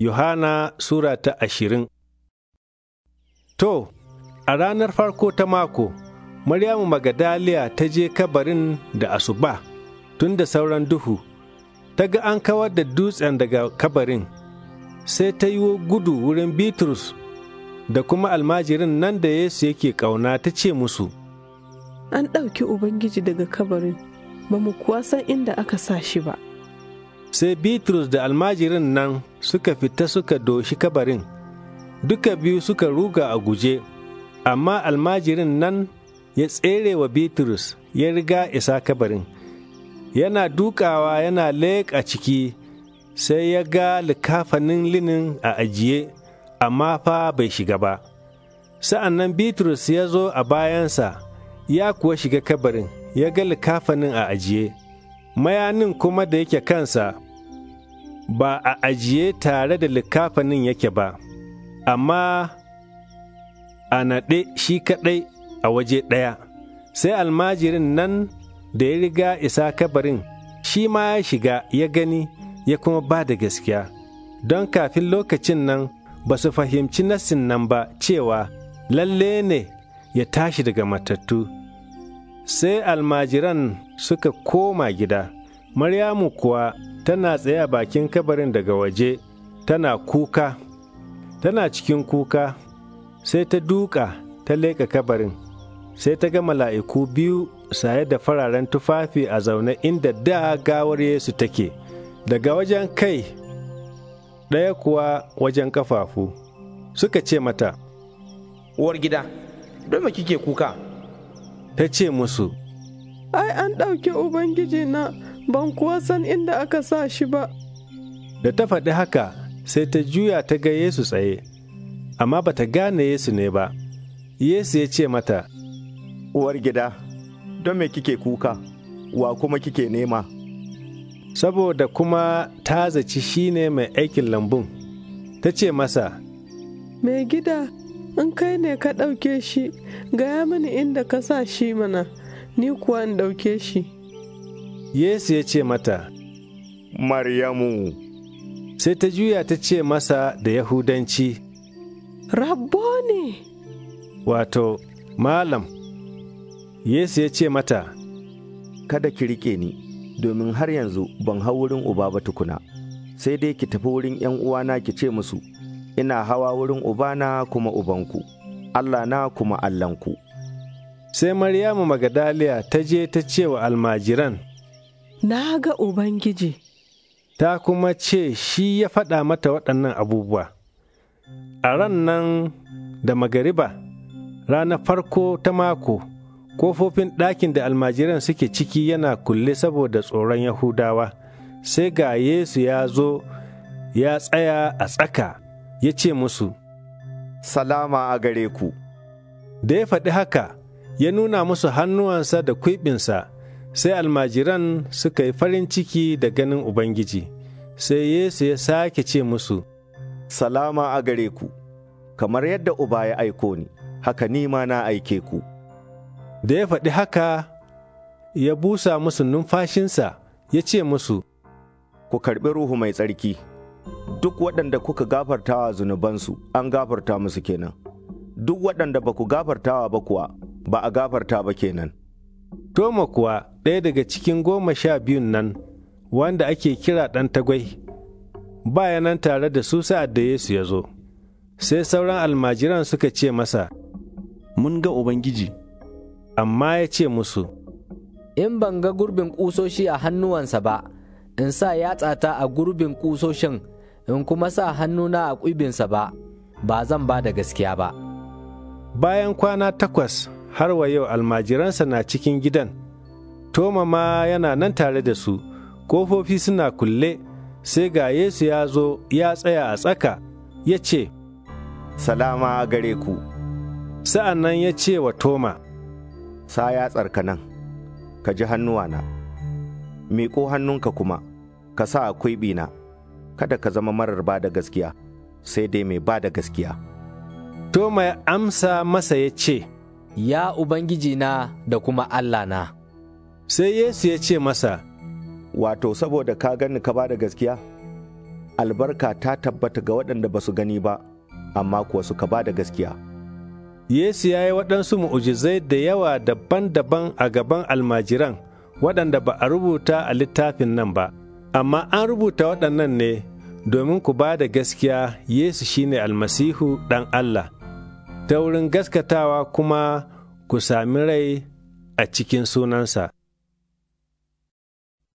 Yohana Sura ta ashirin To, a ranar farko ta mako, Maryamu Magadaliya ta je kabarin da asuba tun da sauran duhu, ta ga an kawar da dutsen daga kabarin, sai ta yi gudu wurin Bitrus da kuma almajirin nan da Yesu yake ƙauna ta ce musu, An ɗauki Ubangiji daga kabarin, ba mu kuwa san inda aka sa shi ba. sai Bitrus da almajirin nan suka fita suka doshi kabarin, duka biyu suka ruga a guje, amma almajirin nan ya tsere wa Bitrus ya riga isa kabarin, yana dukawa yana a ciki sai ya ga likafanin linin a ajiye, amma fa bai shiga ba. Sa'an nan Bitrus ya zo a bayansa, ya kuwa shiga kabarin, ya ga likafanin a ajiye. mayanin kuma da yake kansa ba a ajiye tare da likafanin yake ba, amma a naɗe shi kaɗai a waje ɗaya, sai almajirin nan da ya riga isa kabarin shi ma ya shiga ya gani ya kuma ba da gaskiya, don kafin lokacin nan ba su fahimci nassin nan ba cewa lalle ne ya tashi daga matattu. sai almajiran suka koma gida. Maryamu kuwa tana tsaye a bakin kabarin daga waje, tana kuka, tana cikin kuka, sai ta duka ta leka kabarin, sai ta ga mala'iku biyu saye da fararen tufafi a zaune inda da gawar Yesu take, daga wajen kai, ɗaya kuwa wajen kafafu, suka ce mata, Uwar gida, don kike kuka? ta ce musu, Ai, an ɗauke Ubangiji na ban kuwa san inda aka sa shi ba. Da ta faɗi haka sai ta juya ta ga Yesu tsaye, amma ba ta gane Yesu ne ba. Yesu ya ce mata, Uwar gida, don me kike kuka, wa kuma kike nema? Saboda kuma ta zaci shi ne mai aikin lambun, ta ce masa, Mai gida, An kai ne ka ɗauke shi gaya mini inda ka sa shi mana ni kuwa in ɗauke shi yesu ya ce mata maryamu sai ta juya ta ce masa da yahudanci rabbo ne wato malam yesu ya ce mata kada ki rike ni domin har yanzu ban hau wurin uba ba tukuna sai dai ki tafi wurin 'yan uwana ki ce musu ina hawa wurin Ubana kuma Ubanku, Allah na kuma Allahnku. Sai Maryamu Magadaliya ta je ta ce wa almajiran, Na ga Ubangiji, ta kuma ce shi ya faɗa mata waɗannan abubuwa. A ran nan da magariba, ranar farko ta mako, kofofin ɗakin da almajiran suke ciki yana kulle saboda tsoron Yahudawa, sai ga Yesu ya zo ya tsaya a tsaka. ya ce musu, Salama a gare ku. Da ya faɗi haka, ya nuna musu hannuwansa da kwiɓinsa, sai almajiran suka yi farin ciki da ganin Ubangiji, sai Yesu ya sake ce musu, Salama a gare ku, kamar yadda Uba ya aiko ni, haka ni ma na aike ku. Da ya faɗi haka, ya busa musu numfashinsa, ya ce musu, Ku karɓi Ruhu Mai Tsarki. duk waɗanda kuka gafartawa zunubansu an gafarta musu kenan duk waɗanda ba ku gafartawa ba kuwa ba a gafarta ba kenan toma kuwa ɗaya daga cikin goma sha biyun nan wanda ake kira ɗan tagwai baya nan tare da su sa'ad da Yesu ya zo sai sauran almajiran suka ce masa mun ga Ubangiji amma ya ce musu in ban ga gurbin ƙusoshi a hannuwansa ba in sa yatsata a gurbin ƙusoshin in kuma sa hannuna a ƙwibinsa ba, ba zan ba da gaskiya ba. Bayan kwana takwas har wa yau almajiransa na cikin gidan, Toma ma yana nan tare da su, ƙofofi suna kulle, sai ga Yesu ya zo ya tsaya a tsaka, ya ce, Salama gare ku. Sa'an nan ya ce wa Toma, Sa tsarka nan, ka ji hannuwana, miƙo hannunka kuma. ka sa a na, kada ka zama marar ba da gaskiya, sai dai mai ba da gaskiya. To mai amsa masa ya ce, Ya Ubangiji na da kuma Allah na. Sai Yesu ya ce masa, Wato, saboda ka gani ka ba da gaskiya? Albarka ta tabbata ga waɗanda ba su gani ba, amma kuwa suka ba da gaskiya. Yesu ya yi waɗansu mu'ujizai da yawa daban-daban a gaban almajiran waɗanda ba a rubuta a littafin nan ba. amma an rubuta waɗannan ne domin ku ba da gaskiya Yesu shine almasihu ɗan Allah, ta wurin gaskatawa kuma ku sami rai a cikin sunansa.